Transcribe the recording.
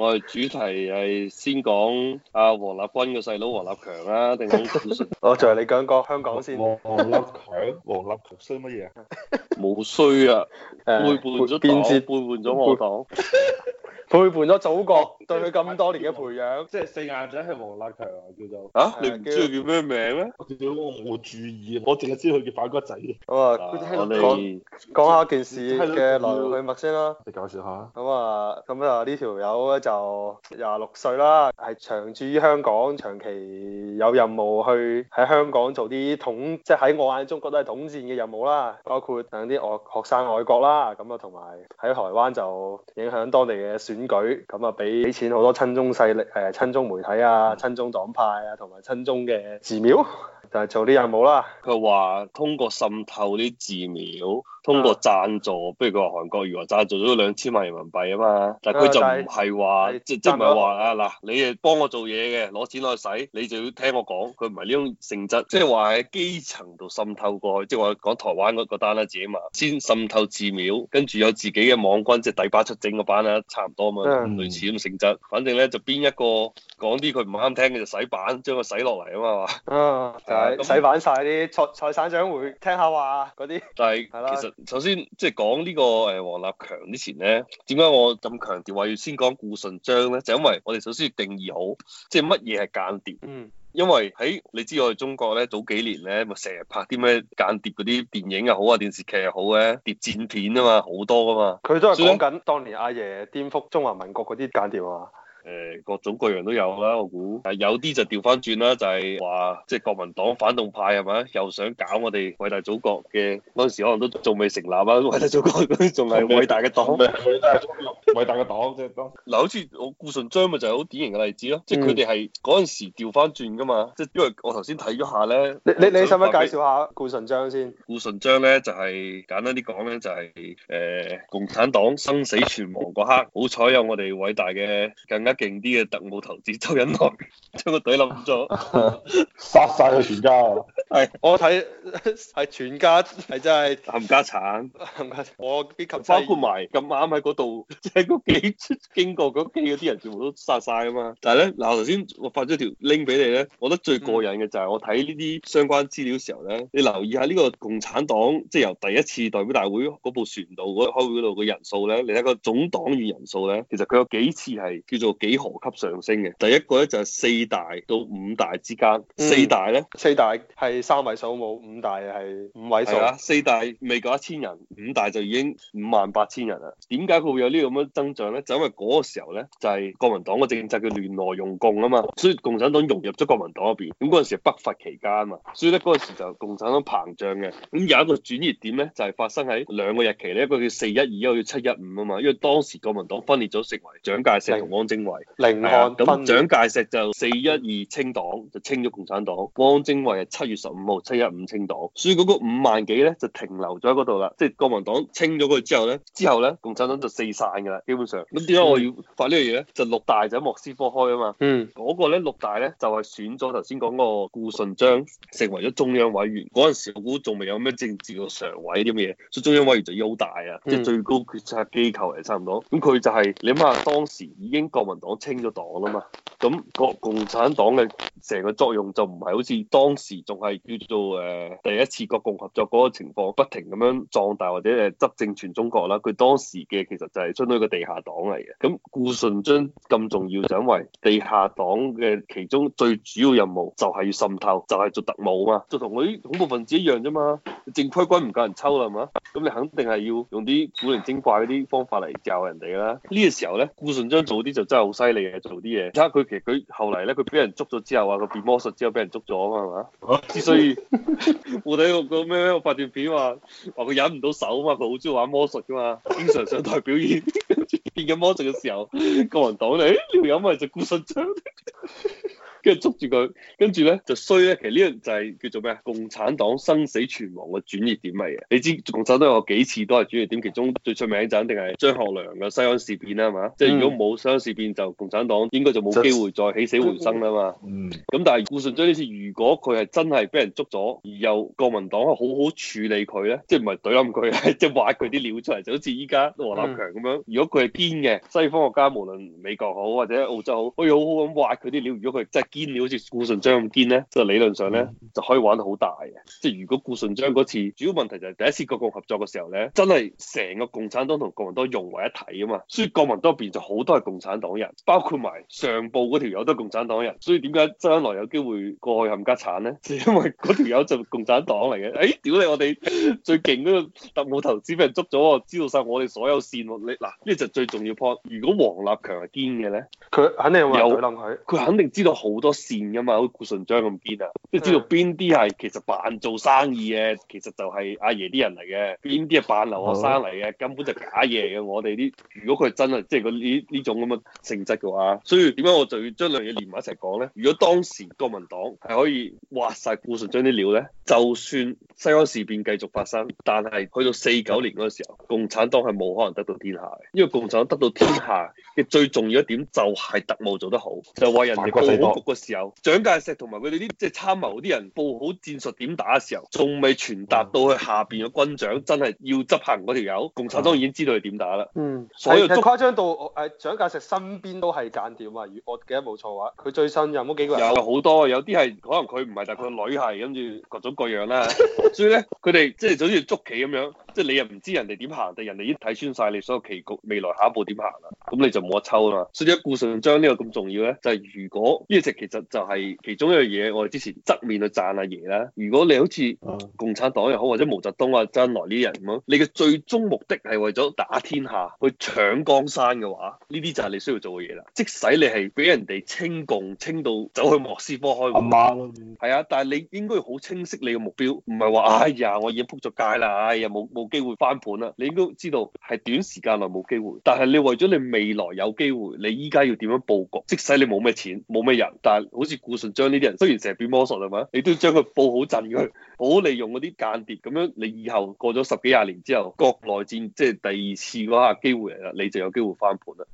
我哋主題係先講阿王立軍嘅細佬王立強啦，定講故事？我就係你講講香港先。王立強，王立強衰乜嘢？冇衰啊！背叛咗黨，變節背叛咗我黨，背叛咗祖國。對佢咁多年嘅培養，即係四眼仔係王立強啊。叫做。嚇、啊？你唔知佢叫咩名咩？我冇注意，我淨係知道佢叫反骨仔嘅。咁啊，我哋講,講一下件事嘅來龍去脈先啦。你介紹下。咁啊，咁啊，呢條友咧就廿六歲啦，係長駐於香港，長期有任務去喺香港做啲統，即係喺我眼中覺得係統戰嘅任務啦，包括等啲外學生外國啦，咁啊，同埋喺台灣就影響當地嘅選舉，咁啊俾。好多親中勢力、誒，親中媒體啊、親中黨派啊，同埋親中嘅寺廟。就係做啲任務啦。佢話通過滲透啲寺廟，通過贊助，不、啊、如佢話韓國如韓國瑜話贊助咗兩千萬人民幣啊嘛。但係佢就唔係話，即即唔係話啊嗱助、啊，你係幫我做嘢嘅，攞錢攞去使，你就要聽我講。佢唔係呢種性質，即係話係基層度滲透過去，即係話講台灣嗰個單啦，自己嘛，先滲透寺廟，跟住有自己嘅網軍，即係底巴出整個版啦，差唔多嘛，啊嗯、類似咁性質。反正咧就邊一個講啲佢唔啱聽嘅就洗版，將佢洗落嚟啊嘛。嗯、洗版晒啲財財產獎會聽下話嗰啲，但係那、就是、其實、嗯、首先即係、就是、講呢、這個誒王立強之前咧，點解我咁強調話要先講顧順章咧？就是、因為我哋首先要定義好，即係乜嘢係間諜。嗯。因為喺你知我哋中國咧，早幾年咧咪成日拍啲咩間諜嗰啲電影又好啊、電視劇又好嘅，諜戰片啊嘛，好多噶嘛。佢都係講緊當年阿爺顛覆中華民國嗰啲間諜啊。誒，各種各樣都有啦，我估，啊有啲就調翻轉啦，就係話即係國民黨反動派係咪？又想搞我哋偉大祖國嘅嗰陣時，可能都仲未成立啊！偉大祖國嗰啲仲係偉大嘅黨咩？偉大祖國，偉大嘅黨啫。嗱，好似我顧順章咪就係好典型嘅例子咯，即係佢哋係嗰陣時調翻轉噶嘛。即係因為我頭先睇咗下咧，你你你使唔使介紹下顧順章先？顧順章咧就係簡單啲講咧就係誒，共產黨生死存亡嗰刻，好彩有我哋偉大嘅更加。勁啲嘅特務投資周恩來，將佢隊冧咗，殺晒佢全家。係我睇係全家係真係冚家鏟，冚家鏟。我包括埋咁啱喺嗰度，即係嗰幾經過嗰幾嗰啲人，全部都殺晒噶嘛。但係咧，嗱頭先我發咗條 link 俾你咧，我覺得最過癮嘅就係我睇呢啲相關資料嘅時候咧，嗯、你留意下呢個共產黨即係由第一次代表大會嗰部船度嗰開會嗰度嘅人數咧，你睇個總黨員人數咧，其實佢有幾次係叫做。幾何級上升嘅，第一個咧就係、是、四大到五大之間，嗯、四大咧，四大係三位數冇，五大係五位數、啊，四大未夠一千人，五大就已經五萬八千人啦。點解佢會有呢個咁嘅增長咧？就是、因為嗰個時候咧就係、是、國民黨嘅政策叫聯俄容共啊嘛，所以共產黨融入咗國民黨入邊，咁嗰陣時北伐期間啊嘛，所以咧嗰陣時就共產黨膨脹嘅，咁有一個轉捩點咧就係、是、發生喺兩個日期咧，一個叫四一二，1, 一個叫七一五啊嘛，因為當時國民黨分裂咗成為蔣介石同汪精凌漢咁蔣介石就四一二清黨，就清咗共產黨。汪精衛係七月十五號七一五清黨，所以嗰個五萬幾咧就停留咗喺嗰度啦。即係國民黨清咗佢之後咧，之後咧共產黨就四散㗎啦，基本上。咁點解我要發呢樣嘢咧？嗯，就六大就喺莫斯科開啊嘛。嗯。嗰個咧六大咧就係選咗頭先講個顧順章成為咗中央委員。嗰陣時我估仲未有咩政治嘅常委啲咁嘢，所以中央委員就優大啊，即係，嗯，最高決策機構嚟，差唔多。咁佢就係，你諗下當時已經國民。黨清咗黨啦嘛，咁國共產黨嘅成個作用就唔係好似當時仲係叫做誒、呃、第一次國共合作嗰個情況，不停咁樣壯大或者誒執政全中國啦。佢當時嘅其實就係相當於個地下黨嚟嘅。咁顧順章咁重要，就因為地下黨嘅其中最主要任務就係要滲透，就係、是、做特務啊嘛，就同佢啲恐怖分子一樣啫嘛。正規軍唔夠人抽啦，係嘛？咁你肯定係要用啲古靈精怪嗰啲方法嚟教人哋啦。呢、這個時候咧，顧順章做啲就真係。好犀利嘅做啲嘢，而家佢其實佢後嚟咧，佢俾人捉咗之後，話佢變魔術之後俾人捉咗啊 嘛，係嘛？之所以我睇個個，咩咩發片片話話，佢忍唔到手啊嘛，佢好中意玩魔術噶嘛，經常上台表演 變緊魔術嘅時候，個人擋你，你又咪就顧順章？ 」跟住捉住佢，跟住咧就衰咧。其實呢樣就係叫做咩啊？共產黨生死存亡嘅轉移點嚟嘅。你知共產黨有幾次都係轉移點，其中最出名就肯定係張學良嘅西安事變啦，係嘛、嗯？即係如果冇西安事變，就共產黨應該就冇機會再起死回生啦嘛。咁但係顧順章呢次，如果佢係真係俾人捉咗，而又國民黨好好處理佢咧，即係唔係懟冧佢，即係挖佢啲料出嚟，就好似依家王立強咁樣。嗯、如果佢係堅嘅，西方國家無論美國好或者澳洲好，可以好好咁挖佢啲料。如果佢係、就係堅料好似顧順章咁堅咧，即係理論上咧就可以玩得好大嘅。即係如果顧順章嗰次主要問題就係第一次國共合作嘅時候咧，真係成個共產黨同國民黨融為一體啊嘛，所以國民黨邊就好多係共產黨人，包括埋上報嗰條友都係共產黨人。所以點解將來有機會過去冚家產咧？就因為嗰條友就共產黨嚟嘅。哎，屌你！我哋最勁嗰個特務頭子俾人捉咗喎，知道晒我哋所有線喎。你嗱呢、呢個就最重要 point。如果王立強係堅嘅咧，佢肯定會有佢肯定知道好。好多線㗎嘛，好似顧順章咁堅啊，即係知道邊啲係其實扮做生意嘅，其實就係阿爺啲人嚟嘅，邊啲係扮留學生嚟嘅，哦、根本就假嘢嘅。我哋啲如果佢係真啊，即係呢呢種咁嘅性質嘅話，所以點解我就要將兩樣嘢連埋一齊講咧？如果當時國民黨係可以挖晒顧順章啲料咧，就算西安事變繼續發生，但係去到四九年嗰時候，共產黨係冇可能得到天下嘅，因為共產黨得到天下。最重要一點就係特務做得好，就話人哋報好局嘅時候，蔣介石同埋佢哋啲即係參謀啲人報好戰術點打嘅時候，仲未傳達到去下邊嘅軍長，真係要執行嗰條友，共產黨已經知道佢點打啦、嗯。嗯，所以足誇張到誒蔣介石身邊都係間諜啊！我記得冇錯嘅話，佢最信任嗰幾個人有好多，有啲係可能佢唔係，但係佢女係，跟住各種各樣啦。 所以咧，佢哋即係好似捉棋咁樣，即係你又唔知人哋點行，但人哋已經睇穿晒你所有棋局未來下一步點行啦，咁你就。我抽啦，所以顧順章呢個咁重要咧，就係、是、如果呢樣嘢其實就係其中一樣嘢，我哋之前側面去讚阿、啊、爺啦。如果你好似共產黨又好，或者毛澤東啊、周恩來呢啲人咁，你嘅最終目的係為咗打天下、去搶江山嘅話，呢啲就係你需要做嘅嘢啦。即使你係俾人哋清共清到走去莫斯科開阿、嗯嗯、啊，但係你應該好清晰你嘅目標，唔係話哎呀我已經仆咗街啦，哎呀冇冇、哎、機會翻盤啦。你應該知道係短時間內冇機會，但係你為咗你未來。有機會，你依家要點樣布局？即使你冇咩錢，冇咩人，但係好似顧順章呢啲人，雖然成日變魔術係嘛，你都要將佢佈好陣佢，好利用嗰啲間諜咁樣，你以後過咗十幾廿年之後，國內戰即係、就是、第二次嗰下機會嚟啦，你就有機會翻盤啦。